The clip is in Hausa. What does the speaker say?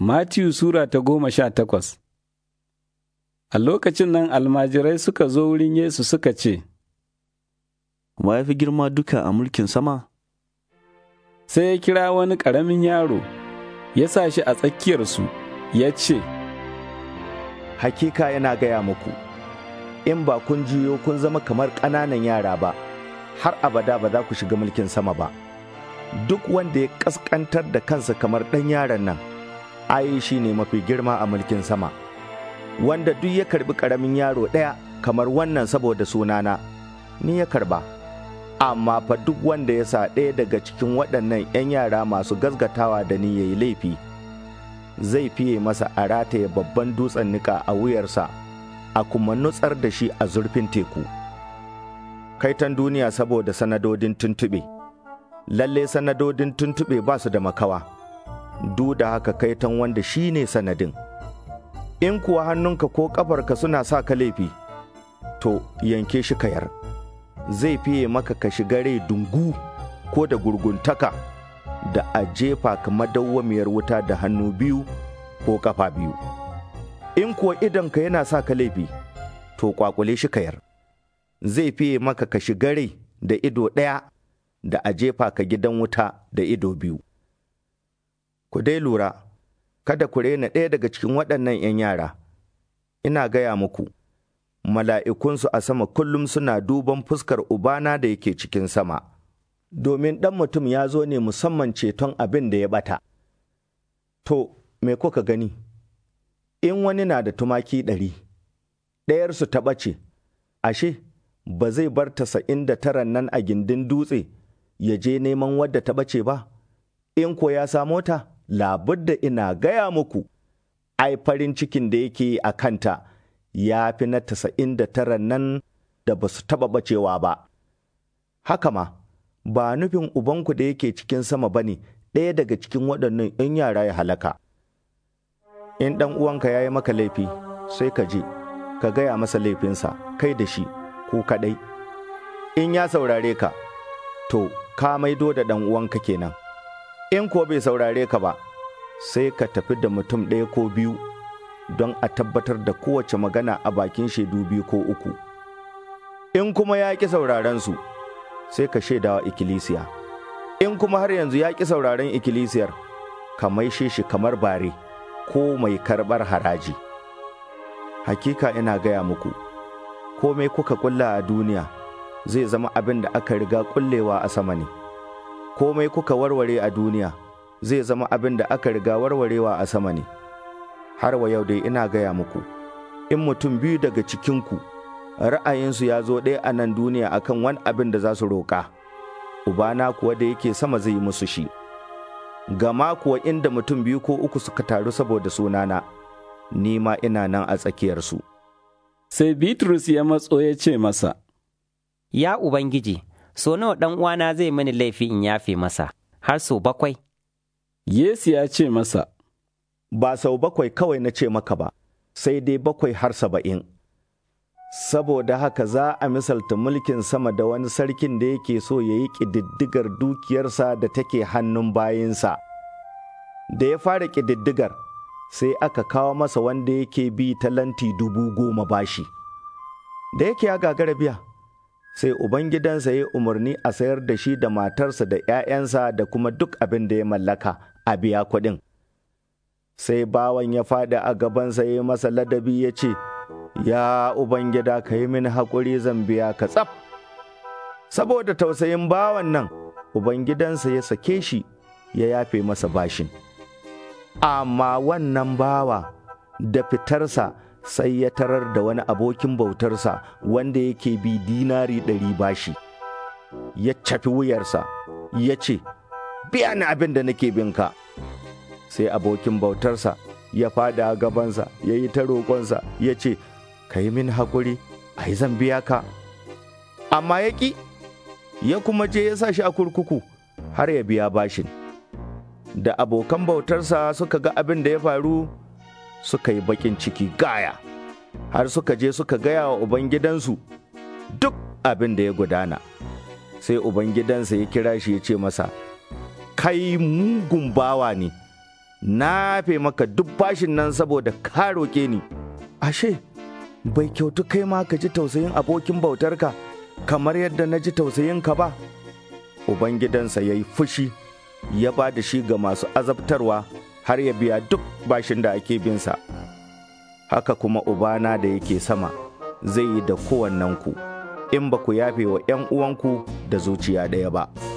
Matiyu Sura ta goma sha takwas A lokacin nan almajirai suka zo wurin Yesu suka ce, Wa ya fi girma duka a mulkin sama? Sai ya kira wani ƙaramin yaro, ya sa shi a tsakiyarsu, ya ce, Hakika yana gaya muku, in ba kun juyo kun zama kamar ƙananan yara ba, har abada ba za ku shiga mulkin sama ba. Duk wanda ya ƙasƙantar da kansa kamar ɗan yaran nan. ai shi ne mafi girma a mulkin sama wanda duk ya karbi ƙaramin yaro ɗaya kamar wannan saboda sunana ni ya karba amma fa duk wanda ya sa ɗaya daga cikin waɗannan 'yan yara masu gazgatawa da ni ya yi laifi zai fiye masa a rataye babban dutsen niƙa a wuyarsa a kuma nutsar da shi a zurfin teku kaitan duniya saboda sanadodin tuntuɓe lalle sanadodin tuntuɓe ba su da makawa duda haka haka kaitan wanda shi ne sanadin. In kuwa hannunka ko ƙafarka suna sa ka laifi, to yanke shi kayar, zai fiye maka ka shiga rai dungu ko da gurguntaka da a jefa ka madawwamiyar wuta da hannu biyu ko ƙafa biyu. In kuwa idonka yana sa ka laifi, to kwakule shi kayar, zai fiye maka ka shiga rai da ido ɗaya da a jefa ka gidan wuta da ido biyu. ku dai lura, kada ku rena ɗaya daga cikin waɗannan ‘yan yara, ina gaya muku, mala'ikunsu a sama kullum suna duban fuskar Ubana da yake cikin sama, domin ɗan mutum ya zo ne musamman ceton abin da ya ɓata. To, me kuka gani, in wani na da tumaki ɗari, ɗayarsu ta ɓace, ashe, ba zai bar tasa'in da taran nan a gindin dutse ya je neman wadda ta ɓace ba, in ko ya samo ta, da ina gaya muku, ai farin cikin da yake a kanta ya fi na tasa'in da tara nan da ba su taɓa ɓacewa ba. Haka ma, ba nufin Ubanku da yake cikin sama ba ne ɗaya daga cikin waɗannan ‘yan yara ya halaka. In ɗan uwanka ya yi maka laifi, sai ka je, ka gaya masa laifinsa, kai da shi, ku kaɗai. In ya saurare ka, to, ka maido da ɗan uwanka kenan. in ko bai saurare ka ba sai ka tafi da mutum ɗaya ko biyu don a tabbatar da kowace magana a bakin shaidu biyu ko uku in kuma ya ƙi saurarensu sai ka shaidawa ikkilisiya in kuma har yanzu ya ƙi sauraren ikkilisiyar ka maishe shi kamar bare ko mai karɓar haraji hakika ina gaya muku komai kuka kulla a duniya zai zama abin da aka riga kullewa a sama ne. komai kuka warware a duniya zai zama abin da aka riga warwarewa a sama ne. Har wa yau dai ina gaya muku, in mutum biyu daga cikinku ra'ayinsu ya zo ɗaya a nan duniya akan wani abin da za su roƙa, Ubana kuwa da yake sama zai yi musu shi. Gama kuwa inda mutum biyu ko uku suka taru saboda sunana, ni ma ina nan a tsakiyarsu. Sai Bitrus ya matso ya ce masa, Ya Ubangiji, so nawa ɗan uwana zai mani laifi in yafe masa, har sau bakwai. Yesu ya ce masa, Ba sau bakwai kawai na ce maka ba, sai dai bakwai har saba'in. Saboda haka za a misalta mulkin sama da wani sarkin da yake so ya yi ƙididdigar dukiyarsa da take hannun bayinsa. Da ya fara ƙididdigar, sai aka kawo masa wanda yake bi talanti dubu goma bashi. Da yake ya gagara biya. sai ubangidansa ya umarni a sayar da shi da matarsa da ‘ya'yansa da kuma duk abin da ya mallaka a biya kuɗin. Sai bawan ya faɗi a gabansa ya masa ladabi ya ce, Ya Ubangida ka yi min haƙuri zan biya ka tsaf. Saboda tausayin bawan nan, Ubangidansa ya sake shi ya yafe masa bashin. Amma wannan bawa da fitarsa sai ya tarar da wani abokin bautarsa wanda yake bi dinari ɗari bashi. Ya cafi wuyarsa, ya ce, Biya ni abin da nake binka. Sai abokin bautarsa ya fada gabansa, ya yi ta roƙonsa, ya ce, Ka yi min haƙuri, ai zan biya ka. Amma ya ƙi, ya kuma je ya sa shi a kurkuku har ya biya bashin. Da abokan bautarsa suka ga abin da ya faru, suka yi bakin ciki gaya har suka je suka gaya wa ubangidansu duk abin da ya gudana sai ubangidansa ya kira shi ya ce masa kai mugun bawa ne na fe maka duk bashin nan saboda ka roƙe ni ashe bai kyautu kai ma ka ji tausayin abokin bautarka kamar yadda na ji tausayinka ba ubangidansa ya yi fushi ya ba da shi ga masu azabtarwa har ya biya duk bashin da ake binsa. Haka kuma Ubana da yake sama zai yi da kowannenku, in ba ku yafe wa ’yan uwanku da zuciya ɗaya ba.